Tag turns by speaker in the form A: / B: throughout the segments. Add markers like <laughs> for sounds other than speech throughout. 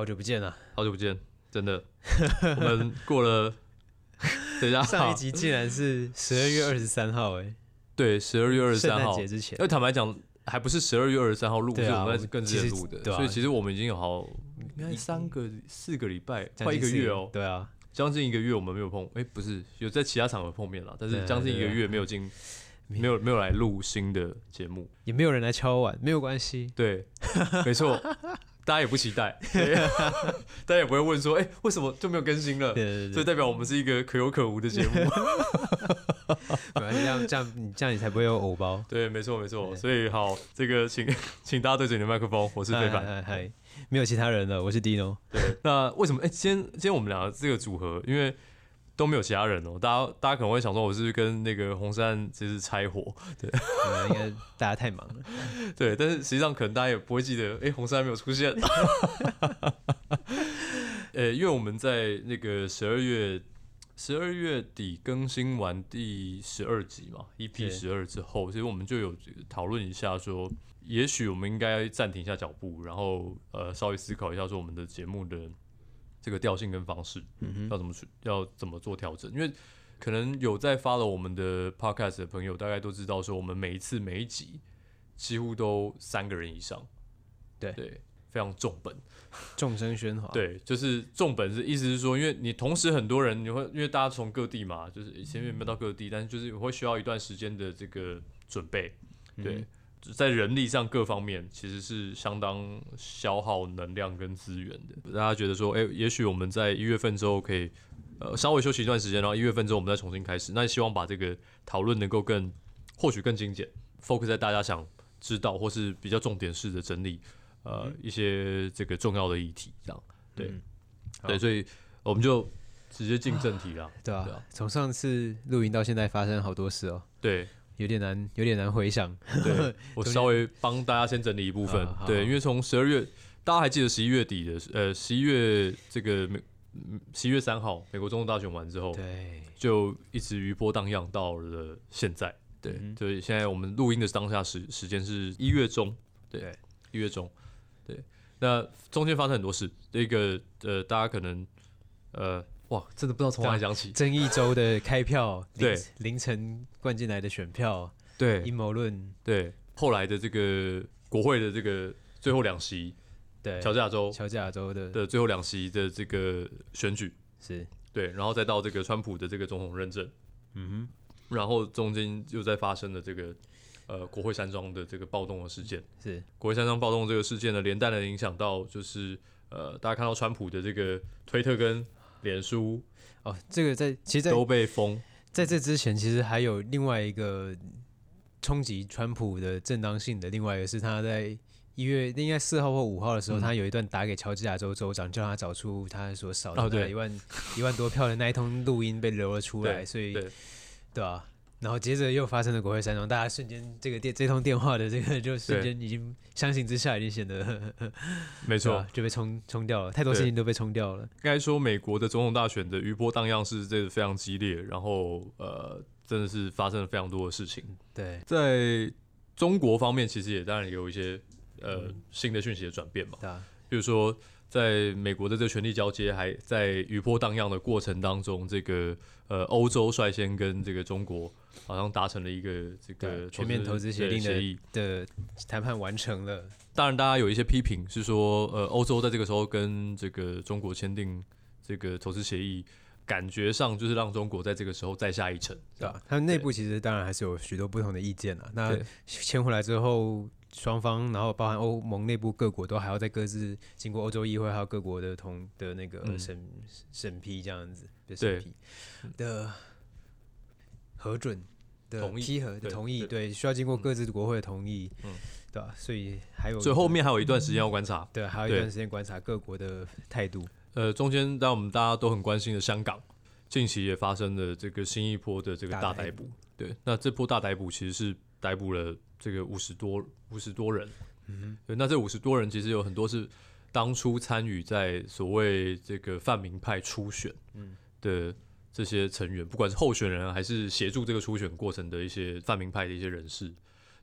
A: 好久不見了，好久不見，真的。我們過了，等一下，上一集竟然是十二月二十三號，哎。對，十二月二十三號，聖誕節之前。而坦白講，還不是十二月二十三號錄，是我們是更早錄的，所以其實我們已經有好應該三個、四個禮拜快一個月哦。對啊，將近一個月我們沒有碰，哎，不是有在其他場合碰面了，但是將近一個月沒有進，沒有沒有來錄新的節目，
B: 也沒有人來敲碗，沒有關
A: 係。對，沒錯。大家也不期待， <laughs> 大家也不會問說：“哎、欸，為什麼就沒有更新了？”對對對，所以代表我們是一個可有可無的節目。 <laughs> <laughs> 這樣這樣這樣，你才不會有偶包。對，沒錯沒錯。對所以好，這個請請大家對準你的麥克風，我是非凡。Hi hi
B: hi, 沒有其他人的，我是 Dino。對，
A: 那為什麼？哎、欸，今天今天我們倆這個組合，因為。都沒有其他人哦，大家大家可能會想說我是不是跟那個紅山就是拆夥，對，嗯、應該大家太忙了， <laughs> 對，但是實際上可能大家也不會記得，哎、欸，紅山還沒有出現，呃、 <laughs> <laughs> 欸，因為我們在那個十二月十二月底更新完第十二集嘛，EP 十二之後，對所以我們就有討論一下說，也許我們應該要暫停一下腳步，然後呃稍微思考一下說我們的節目的。這個調性跟方式，嗯、哼要怎麼去要怎麼做調整？因為可能有在 follow 我們的 podcast 的朋友，大概都知道說，我們每一次每一集幾乎都三個人以上，對，對非常重本，
B: 眾聲喧嘩，對，
A: 就是重本是意思是說，因為你同時很多人，你會因為大家從各地嘛，就是前面沒到各地，嗯、但是就是會需要一段時間的這個準備，對。嗯在人力上各方面，其實是相當消耗能量跟資源的。大家覺得說，誒，也許我們在一月份之後可以，呃，稍微休息一段時間，然後一月份之後我們再重新開始。那希望把這個討論能夠更，或許更精簡，focus 在大家想知道或是比較重點式的整理，呃，嗯，一些這個重要的議題這樣。對，嗯，對，所以我們就直接進正題了，啊，
B: 對啊，從上次錄音到現在發生好多事哦。對。有點難，有點難回想。對，我稍
A: 微幫大家先整理一部分。 <laughs> 啊、好好。對，因為從十二月，大家還記得十一月底的，呃，十一月這個十一月三號美國總統大選完之後，對就一直餘波蕩漾到了現在。對，嗯、對，所以現在我們錄音的當下時時間是一月中，對，一對月中，對，那中間發生很多事。這個呃，大家可能呃。哇，真的不知道從哪講起。
B: 爭議州的開票， <laughs> 對凌晨灌進來的選票，
A: 對陰謀論，對後來的這個國會的這個最後兩席，對喬治亞州，喬治亞州的的最後兩席的這個選舉，是對，然後再到這個川普的這個總統認證，嗯哼，然後中間又再發生的這個呃國會山莊的這個暴動的事件，是國會山莊暴動這個事件呢，連帶的影響到就是呃大家看到川普的這個推特跟。臉臉書哦，這個在其實在都被封。
B: 在這之前，其實還有另外一個衝擊川普的正當性的，另外一個是他在一月應該四號或五號的時候，他有一段打給喬治亞州州長，叫、嗯、他找出他所少的一萬、哦、一萬多票的那一通錄音被流了出來， <laughs> 對所以對吧、啊？然後接着又發生了國會山莊，大家瞬間這個電這通電話的這個就瞬間已經對相形之下已經顯得呵呵沒錯、啊、就被沖衝掉了，太多事情都被沖掉了。
A: 應該說美國的總統大選的餘波盪漾是這個非常激烈，然後呃真的是發生了非常多的事情。對，在中國方面其實也當然有一些呃新的訊息的轉變嘛，啊、比如說。在美國的這個權力交接還在餘波蕩漾的過程當中，這個呃，歐洲率先跟這個中國好像達成了一個這個投資的協議。對，全面投資協定
B: 的談判完成
A: 了。當然，大家有一些批評是說，呃，歐洲在這個時候跟這個中國簽訂這個投資協議。感覺上就是讓中國在這個時候再下一城，
B: 對吧？啊。它內部其實當然還是有許多不同的意見啊。對那簽回來之後，雙方然後包含歐盟內部各國都還要在各自經過歐洲議會還有各國的同的那個審審、嗯、批這樣子的審批的核准的意核同意，對，對，對，對，需要經過各自國會的同意，嗯，對吧？啊。所以還有，所以後面還有一段時間要觀察，嗯，對，還有一段時間觀察各國的
A: 態度。呃，中間在我們大家都很關心的香港，近期也發生了這個新一波的這個大逮捕。對，那這波大逮捕其實是逮捕了這個五十多五十多人。嗯哼，那這五十多人其實有很多是當初參與在所謂這個泛民派初選的這些成員，不管是候選人還是協助這個初選過程的一些泛民派的一些人士。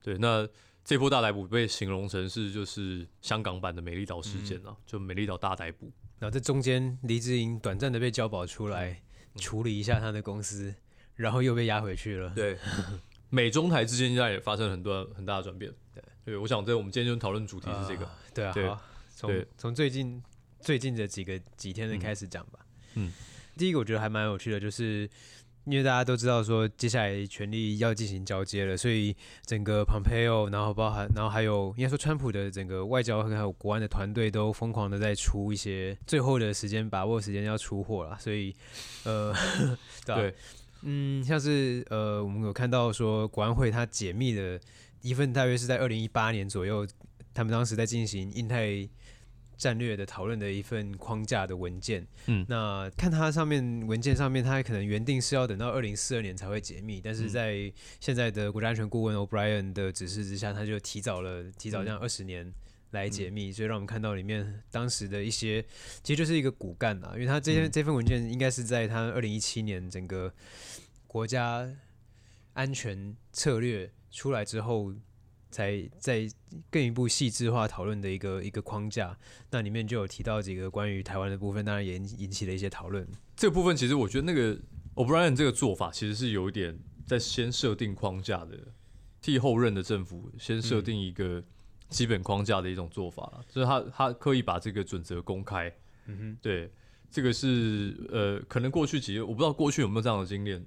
A: 對，那這波大逮捕被形容成是就是香港版的美麗島事件、啊嗯、哼就美麗島大逮捕。
B: 然後在中間，黎智英短暫的被交保出來處理一下他的公司，嗯、然後又被押回去了。
A: 對，美中台之間現在也發生了很多很大的轉變。對，對，我想在我們今天就討論主題是這個。啊對啊，對從
B: 對從最近最近的幾個幾天的開始講吧。嗯，嗯第一個我覺得還蠻有趣的，就是。因為大家都知道說接下來權力要進行交接了，所以整個 Pompeo，然後包含然後還有應該說川普的整個外交和還有國安的團隊都瘋狂的在出一些最後的時間把握時間要出貨了，所以呃 <laughs> <laughs> 對嗯像是呃我們有看到說國安會他解密的一份大約是在二零一八年左右，他們當時在進行印太。戰略的討論的一份框架的文件，嗯，那看它上面文件上面，它可能原定是要等到二零四二年才會解密，但是在現在的國家安全顧問 O'Brien 的指示之下，他就提早了，提早這樣二十年來解密，嗯嗯、所以讓我們看到裡面當時的一些，其實就是一個骨幹啊，因為他這些、嗯、這份文件應該是在他二零一七年整個國家安全策略出來之後。才在更一步細緻化討論的一個一個框架，那裡面就有提到幾個關於台灣的部分，當然也引起
A: 了一些討論。這個部分其實我覺得那個 O'Brien 這個做法其實是有一點在先設定框架的，替後任的政府先設定一個基本框架的一種做法就是、嗯、他他刻意把這個準則公開。嗯哼，對，這個是呃，可能過去幾個我不知道過去有沒有這樣的經驗。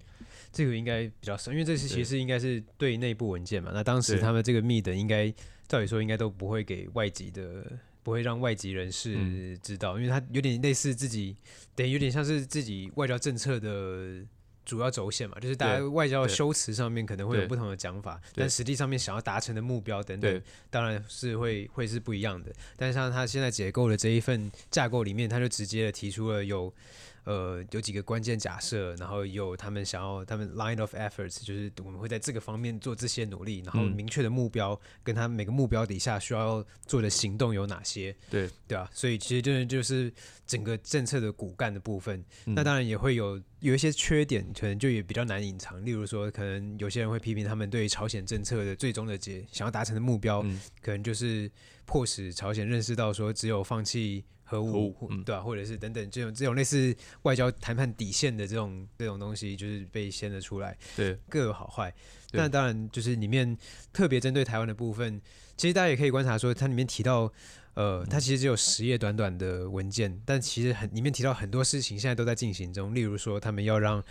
A: 這個應該比較少，因為這次其實
B: 應該是對內部文件嘛。對那當時他們這個密的，應該照理說應該都不會給外籍的，不會讓外籍人士知道，嗯、因為他有點類似自己，等於有點像是自己外交政策的主要軸線嘛。就是大家外交修辭上面可能會有不同的講法，但實際上面想要達成的目標等等，對當然是會會是不一樣的。但像他現在解構的這一份架構裡面，他就直接的提出了有。呃，有幾個關鍵假設，然後有他們想要他們 line of efforts，就是我們會在這個方面做這些努力，然後明確的目標，跟他每個目標底下需要做的行動有哪些？對，對啊，所以其實就是就是整個政策的骨幹的部分。嗯、那當然也會有有一些缺點，可能就也比較難隱藏。例如說，可能有些人會批評他們對朝鮮政策的最終的結，想要達成的目標，嗯、可能就是迫使朝鮮認識到說，只有放棄。核武，嗯、對、啊、或者是等等這種這種類似外交談判底線的這種這種東西，就是被掀了出來。對，各有好壞。那當然，就是裡面特別針對台灣的部分，其實大家也可以觀察說，它裡面提到，呃，它其實只有十頁短短的文件，但其實很裡面提到很多事情，現在都在進行中。例如說，他們要讓。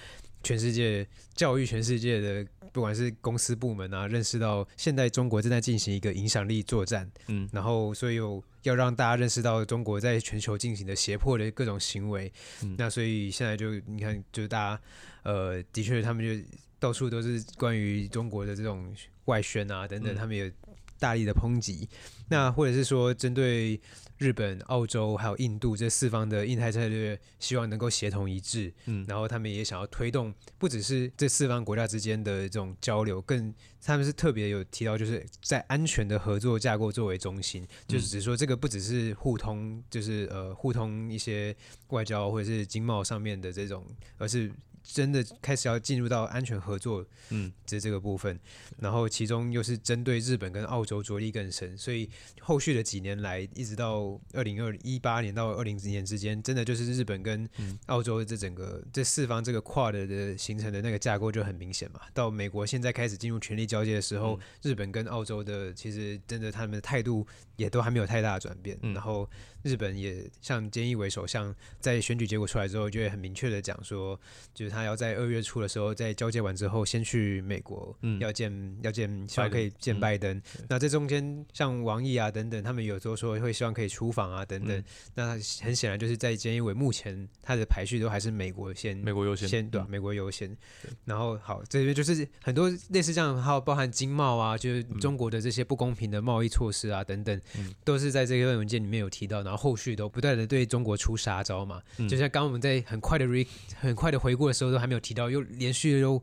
B: 全世界教育全世界的，不管是公司部門啊，認識到現在中國正在進行一個影響力作戰，嗯，然後所以又要讓大家認識到中國在全球進行的脅迫的各種行為，嗯、那所以現在就你看，就是大家呃，的確他們就到處都是關於中國的這種外宣啊等等，嗯、他們也。大力的抨擊，那或者是說針對日本、澳洲還有印度這四方的印太戰略，希望能夠協同一致。嗯，然後他們也想要推動，不只是這四方國家之間的這種交流，更他們是特別有提到，就是在安全的合作架構作為中心，嗯、就是只說這個不只是互通，就是呃互通一些外交或者是經貿上面的這種，而是。真的開始要進入到安全合作，嗯，這這個部分，然後其中又是針對日本跟澳洲着力更深，所以後續的幾年來，一直到二零二一八年到二零年之間，真的就是日本跟澳洲這整個這四方這個跨的的形成的那個架構就很明顯嘛。到美國現在開始進入權力交接的時候，日本跟澳洲的其實真的他們的態度，也都還沒有太大的轉變。嗯、然後日本也像菅義偉首相，在選舉結果出來之後，就會很明確的講說，就是他要在二月初的時候，在交接完之後，先去美國，嗯、要見要見，希望可以見拜登。嗯、那這中間，像王毅啊等等，他們有時候說會希望可以出訪啊等等。嗯、那很顯然就是在菅義偉目前他的排序都還是美國先，美國優先，先對、啊、美國優先。嗯、然後好這邊就是很多類似這樣，還有包含經貿啊，就是中國的這些不公平的貿易措施啊等等。嗯、都是在這份文件裡面有提到，然後後續都不斷的對中國出殺招嘛，嗯、就像剛剛我們在很快的回很快的回顧的時候，都還沒有提到，又連續又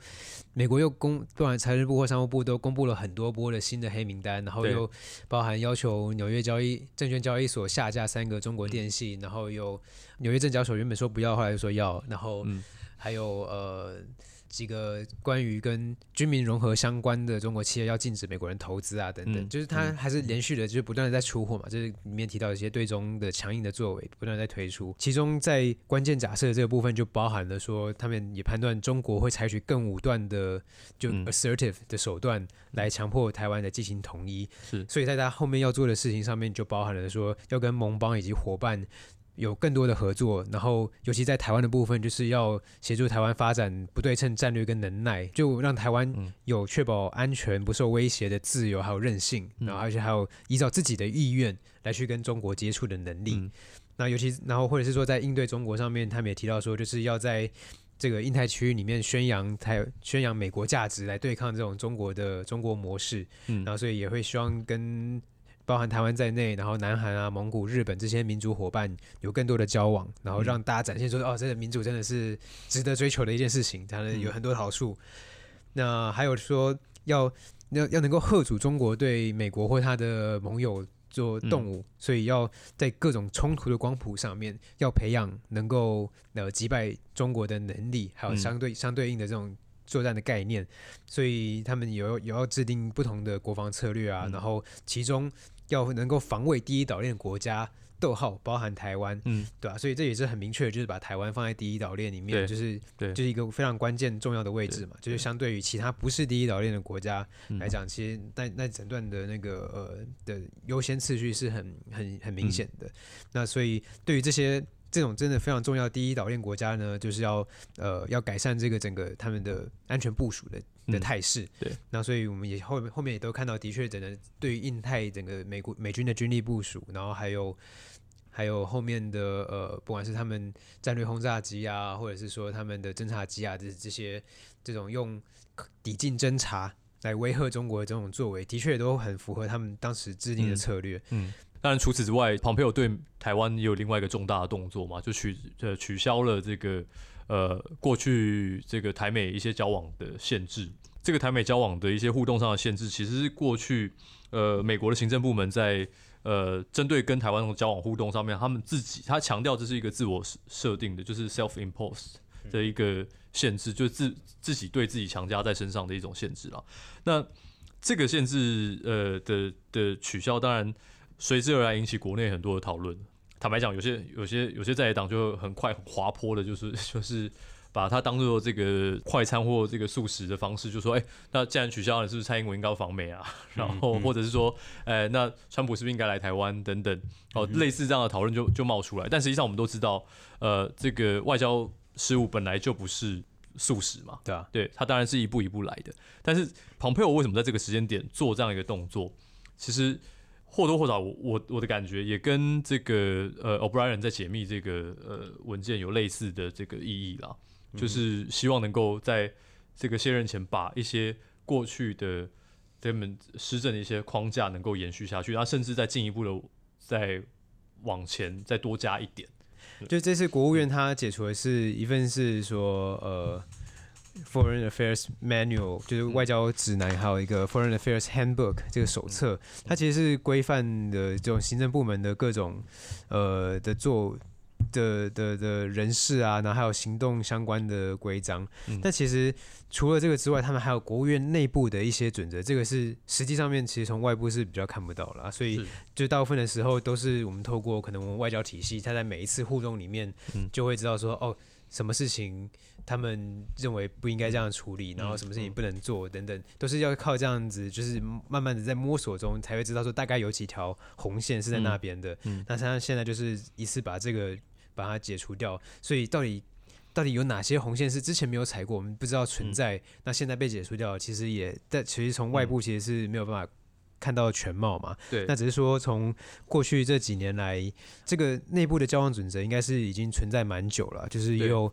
B: 美國又公不管財政部或商務部都公布了很多波的新的黑名單，然後又包含要求紐約交易證券交易所下架三個中國電信，嗯、然後又紐約證交所原本說不要，後來又說要，然後還有、嗯、呃。幾個關於跟軍民融合相關的中國企業要禁止美國人投資啊，等等，就是他還是連續的，就是不斷的在出貨嘛。就是裡面提到一些對中的強硬的作為，不斷在推出。其中在關鍵假設這個部分就包含了說，他們也判斷中國會採取更武斷的就 assertive 的手段來強迫台灣的進行統一。是，所以在他後面要做的事情上面就包含了說，要跟盟邦以及夥伴。有更多的合作，然後尤其在台灣的部分，就是要協助台灣發展不對稱戰略跟能耐，就讓台灣有確保安全、不受威脅的自由，還有韌性，然後而且還有依照自己的意願來去跟中國接觸的能力。嗯、那尤其然後或者是說在應對中國上面，他們也提到說，就是要在這個印太區域裡面宣揚台、宣揚美國價值來對抗這種中國的中國模式。嗯、然後所以也會希望跟。包含台灣在內，然後南韓啊、蒙古、日本這些民主夥伴有更多的交往，然後讓大家展現說：“嗯、哦，這個民主真的是值得追求的一件事情，他們有很多好處。嗯”那還有說要要要能夠嚇阻中國對美國或他的盟友做動武，嗯、所以要在各種衝突的光譜上面要培養能夠呃擊敗中國的能力，還有相對、嗯、相對應的這種作戰的概念，所以他們有有要制定不同的國防策略啊，嗯、然後其中。要能夠防衛第一島鏈國家，逗號包含台灣，嗯，對吧？啊，所以這也是很明確的，就是把台灣放在第一島鏈裡面，對就是，對，就是一個非常關鍵重要的位置嘛。對就是相對於其他不是第一島鏈的國家來講，其實那那整段的那個呃的優先次序是很很很明顯的。嗯、那所以對於這些這種真的非常重要第一島鏈國家呢，就是要呃要改善這個整個他們的安全部署的，的態勢，嗯、對那所以我們也後面後面也都看到，的確整個對於印太整個美國美軍的軍力部署，然後還有還有後面的呃，不管是他們戰略轟炸機啊，或者是說他們的偵察機啊，這這些這種用抵近偵察來威嚇中國的這種作為，的確都很符合他們當
A: 時制定的策略。嗯，當、嗯、然除此之外，蓬佩奧對台灣也有另外一個重大的動作嘛，就取呃取消了這個。呃，過去這個台美一些交往的限制，這個台美交往的一些互動上的限制，其實是過去呃美國的行政部門在呃針對跟台灣這種交往互動上面，他們自己他強調這是一個自我設定的，就是 self-imposed 的一個限制，嗯、就自自己對自己強加在身上的一種限制啦。那這個限制呃的的取消，當然隨之而來引起國內很多的討論。坦白講，有些、有些、有些在野黨就很快很滑坡的、就是，就是就是把它當做這個快餐或這個速食的方式，就說：“哎、欸，那既然取消了，是不是蔡英文應該訪美啊？”然後或者是說：“哎、 <laughs> 欸，那川普是不是應該來台灣？”等等哦，類似這樣的討論就就冒出來。但實際上我們都知道，呃，這個外交事務本來就不是速食嘛，對啊，對，他當然是一步一步來的。但是蓬佩奧為什麼在這個時間點做這樣一個動作？其實。或多或少，我我我的感覺也跟這個呃，O'Brien 在解密這個呃文件有類似的這個意義啦，嗯、就是希望能夠在這個卸任前把一些過去的他們施政的一些框架能夠延續下去，他甚至再進一步的再往前再多加一點。就
B: 這次國務院他解除的是一份是說呃。Foreign Affairs Manual 就是外交指南，還有一個 Foreign Affairs Handbook 這個手冊，它其實是規範的這種行政部門的各種呃的做的的的人事啊，然後還有行動相關的規章。嗯、但其實除了這個之外，他們還有國務院內部的一些準則，這個是實際上面其實從外部是比較看不到了，所以就大部分的時候都是我們透過可能我們外交體系，它在每一次互動裡面就會知道說、嗯、哦。什麼事情他們認為不應該這樣處理，然後什麼事情不能做等等，都是要靠這樣子，就是慢慢的在摸索中才會知道說大概有幾條紅線是在那邊的。嗯嗯、那他現在就是一次把這個把它解除掉，所以到底到底有哪些紅線是之前沒有踩過，我們不知道存在，嗯、那現在被解除掉，其實也，但其實從外部其實是沒有辦法。看到全貌嘛？對，那只是說從過去這幾年來，這個內部的交往準則應該是已經存在蠻久了。就是也有，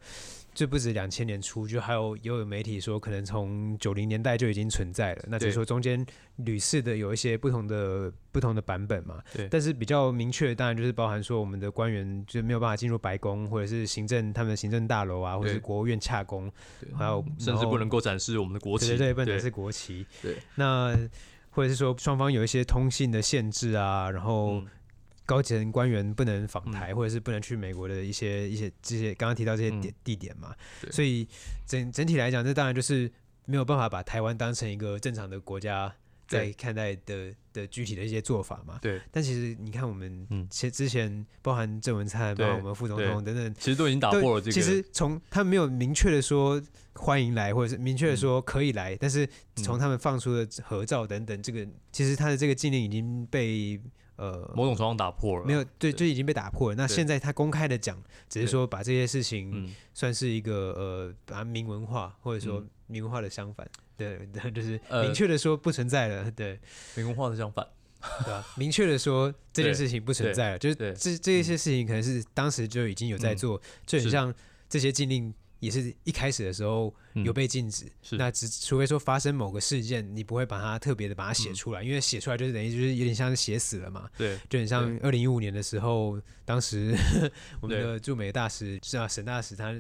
B: 就對不止兩千年初，就還有也有媒體說，可能從九零年代就已經存在了。對那就是說中間屢次的有一些不同的不同的版本嘛。對，但是比較明確的當然就是包含說我們的官員就沒有辦法進入白宮或者是行政他們的行政大樓啊，或者是國務院洽公，還有對後甚至不能夠
A: 展示我們的國旗，不能展示國旗。對，
B: 對那，或者是說雙方有一些通信的限制啊，然後高層官員不能訪台，嗯、或者是不能去美國的一些一些這些剛剛提到這些地、嗯、地點嘛，對所以整整體來講，這當然就是沒有辦法把台灣當成一個正常的國家。在看待的的具體的一些做法嘛。對，但其實你看，我們其實之前包含鄭文燦，包含我們副總統等等，其實都已經打破了這個。其實從他們沒有明確的說歡迎來，或者是明確的說可以來，但是從他們放出的合照等等，這個其實他的這個禁令已經被呃某種狀況打破了。沒有，對，就已經被打破了。那現在他公開的講，只是說把這些事情算是一個呃反明文化，或者說明文化的相反。對，對，就是明確的說不存在了。呃、對，明文化的相反，對吧、啊？明確的說這件事情不存在了，對就是這這一些事情可能是當時就已經有在做，嗯、就很像這些禁令。也是一開始的時候有被禁止，嗯、那只除非說發生某個事件，你不會把它特別的把它寫出來，嗯、因為寫出來就是等於就是有點像是寫死了嘛。對，就很像二零一五年的時候，對當時 <laughs> 我們的駐美大使是啊，沈對大使他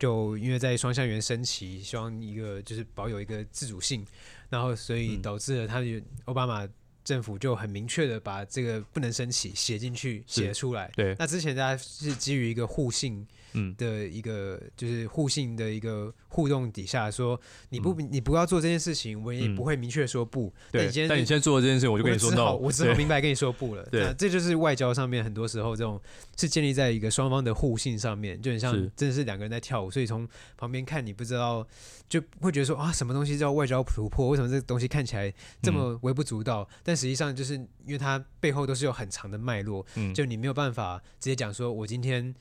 B: 就因為在雙橡園升旗，希望一個就是保有一個自主性，然後所以導致了他就奧巴馬政府就很明確的把這個不能升旗寫進去寫出來。對，那之前大家是基於一個互信。嗯，的一個就是互信的一個互動底下說，你不、嗯、你不要做這件事情，我也不會明確說不。對、嗯，但你先做這件事情，我就跟你說到，我只能明白跟你說不了。對，這就是外交上面很多時候這種是建立在一個雙方的互信上面，就很像真的是兩個人在跳舞，所以從旁邊看你不知道，就會覺得說啊，什麼東西叫外交突破？為什麼這個東西看起來這麼微不足道？嗯、但實際上就是因為它背後都是有很長的脈絡，就你沒有辦法直接講說我今天。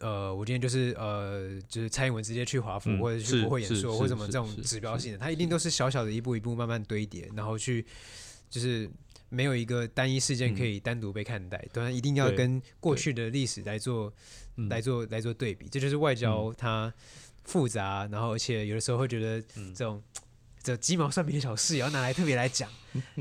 B: 呃，我今天就是呃，就是蔡英文直接去華府、嗯、或者去國會演說，或什麼這種指標性的，他一定都是小小的一步一步慢慢堆疊，然後去就是沒有一個單一事件可以單獨被看待，嗯、當然一定要跟過去的歷史來做、對、來做、嗯、來做來做對比，這就是外交它複雜，嗯、然後而且有的時候會覺得這種。嗯的雞毛蒜皮的小事也要拿來特別來講，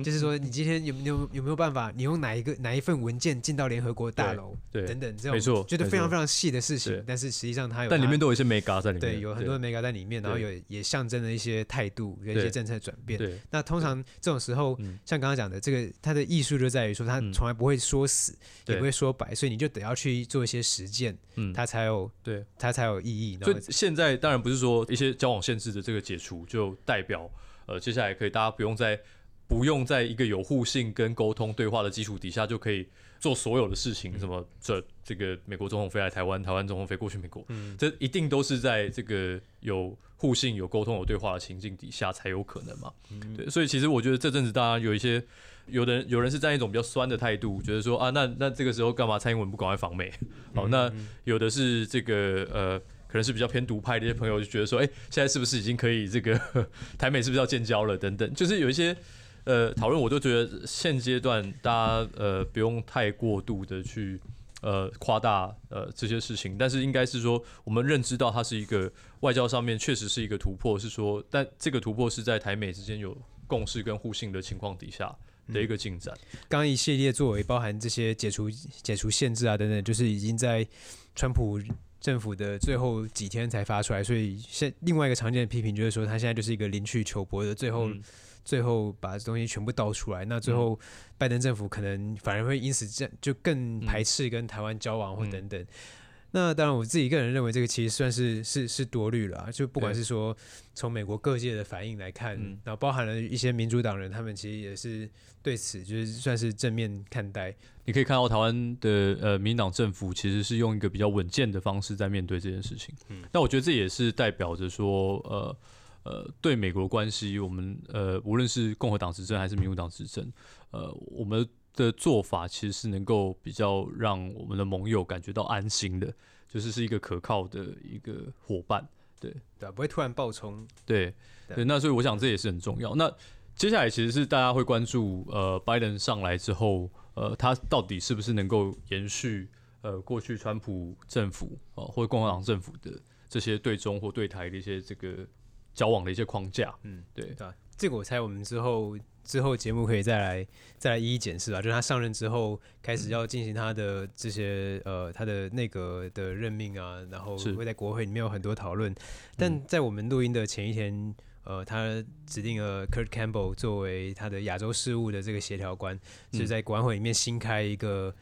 B: 就是說你今天有有有沒有辦法，你用哪一個哪一份文件進到聯合國大樓，對等等這種，沒錯，覺得非常非常細的事情，但是實際上它有，但裡面都有一些眉角在裡面，對，有很多的眉角在裡面，然後有也象徵了一些態度跟一些政策轉變。對，那通常這種時候，像剛剛講的這個，它的藝術就在於說，它從來不會說死，也不會說白，所以你就得要去做一些實踐，嗯，它才有，對它才有意義。所以
A: 現在當然不是說一些交往限制的這個解除就代表。呃，接下來可以大家不用在不用在一個有互信跟溝通對話的基礎底下，就可以做所有的事情。什麼這這個美國總統飛來台灣，台灣總統飛過去美國，嗯、這一定都是在這個有互信、有溝通、有對話的情境底下才有可能嘛？嗯、對，所以其實我覺得這陣子大家有一些有的人有人是在一種比較酸的態度，覺得說啊，那那這個時候幹嘛蔡英文不趕快訪美？好，嗯嗯那有的是這個呃。可能是比較偏獨派的一些朋友就覺得說，哎、欸，現在是不是已經可以這個台美是不是要建交了？等等，就是有一些呃討論，我都覺得現階段大家呃不用太過度的去呃誇大呃這些事情，但是應該是說我們認知到它是一個外交上面確實是一個突破，是說，但這個突破是在台美之間有共識跟互信的情況底下的一個進展。
B: 剛、嗯、一系列作為包含這些解除解除限制啊等等，就是已經在川普。政府的最後幾天才發出來，所以現另外一個常見的批評就是說，他現在就是一個臨去秋波的，最後、嗯、最後把東西全部倒出來。那最後拜登政府可能反而會因此就更排斥跟台灣交往或等等。嗯嗯那當然，我自己個人認為，這個其實算是是是多慮了啊。就不管是說，從美國各界的反應來看，那包含了一些民主黨人，他們其實也是對此就是算是正面看待。
A: 你可以看到台灣的呃民進黨政府其實是用一個比較穩健的方式在面對這件事情。嗯，那我覺得這也是代表着說呃呃對美國的關係，我們呃無論是共和黨執政還是民主黨執政，呃我們。的做法其實是能夠比較讓我們的盟友感覺到安心的，就是是一個可靠的一個夥伴，對
B: 對，不會突然爆衝。
A: 對對，對，那所以我想這也是很重要。那接下來其實是大家會關注，呃，拜登上來之後，呃，他到底是不是能夠延續呃過去川普政府啊、呃，或者共和黨政府的這些對中或對台的一些這個交往的一些框架？嗯，對。對這個我
B: 猜我們之後之後節目可以再來再來一一解釋啊，就是他上任之後開始要進行他的這些、嗯、呃他的內閣的任命啊，然後會在國會裡面有很多討論。但在我們錄音的前一天，呃，他指定了 Kurt Campbell 作為他的亞洲事務的這個協調官，嗯、就是在國安會裡面新開一個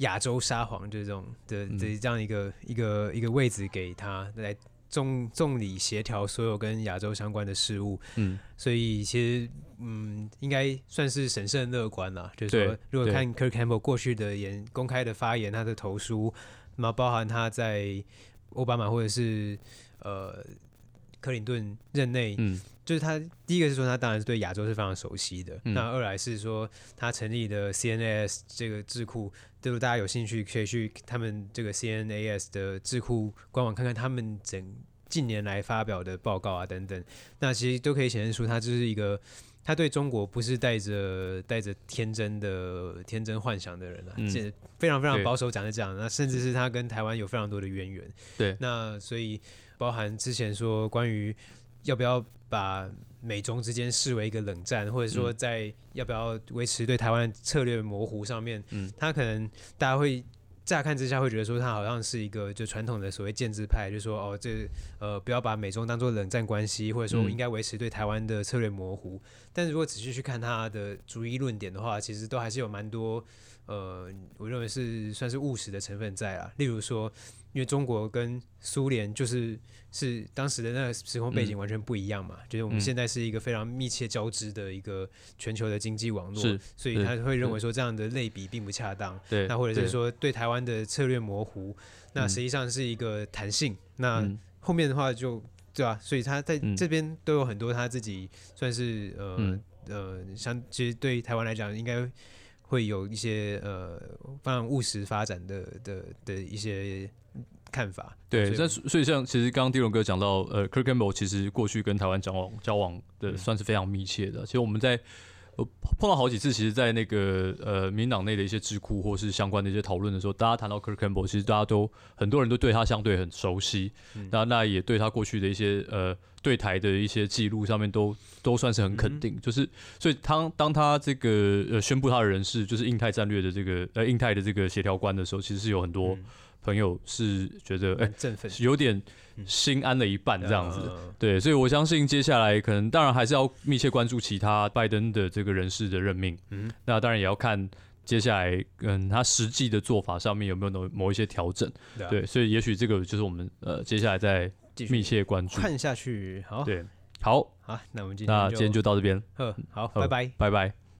B: 亞洲沙皇、就是、這種的的這樣一個、嗯、一個一個位置給他來。總總理協調所有跟亞洲相關的事物，嗯，所以其實，嗯，應該算是審慎樂觀啦。就是說，對如果看 Kurt Campbell 過去的言公開的發言，他的投書，然後包含他在奧巴馬或者是呃克林頓任內，嗯。就是他第一個是說，他當然是對亞洲是非常熟悉的，嗯、那二來是說，他成立的 CNAS 這個智庫，就是大家有興趣可以去他們這個 CNAS 的智庫官網看看他們整近年來發表的報告啊、等等，那其實都可以顯示出他就是一個他對中國不是帶着帶着天真的天真幻想的人了、啊，嗯、非常非常保守講的這樣，對那甚至是他跟台灣有非常多的淵源，對，那所以包含之前說關於。要不要把美中之間視為一個冷戰，或者說在要不要維持對台灣策略模糊上面，嗯，他可能大家會乍看之下會覺得說，他好像是一個就傳統的所謂建制派，就是、說哦，這個、呃不要把美中當做冷戰關係，或者說我應該維持對台灣的策略模糊。但是如果仔細去看他的主義論點的話，其實都還是有蠻多。呃，我認為是算是務實的成分在啊。例如說，因為中國跟蘇聯就是是當時的那個時空背景完全不一樣嘛，嗯、就是我們現在是一個非常密切交織的一個全球的經濟網絡，是所以他會認為說這樣的類比並不恰當。對，嗯、那或者是說對台灣的策略模糊，那實際上是一個彈性。嗯、那後面的話就對吧、啊？所以他在這邊都有很多他自己算是呃、嗯、呃，像其實對台灣來講應該。會有一些呃，非常務實發展的的的一些看法。對，對，但
A: 所以像其實剛剛迪龍哥講到，呃 Kiribati 其實過去跟台灣交往交往的算是非常密切的。嗯，其實我們在。碰到好幾次，其實，在那個呃民黨內的一些智庫或是相關的一些討論的時候，大家談到 Kurt Campbell，其實大家都很多人都對他相對很熟悉，嗯、那那也對他過去的一些呃對台的一些記錄上面都都算是很肯定。嗯、就是所以他當他這個呃宣布他的人事，就是印太戰略的這個呃印太的這個協調官的時候，其實是有很多。嗯朋友是覺得哎、欸，有點心安了一半這樣子，對，所以我相信接下來可能當然還是要密切關注其他拜登的這個人事的任命，嗯，那當然也要看接下來嗯他實際的做法上面有沒有某某一些調整，對，所以也許這個就是我們呃接下來再密切關注看下去，好，對，好，好，那我們今天，那今天就到這邊，好，拜拜，拜拜。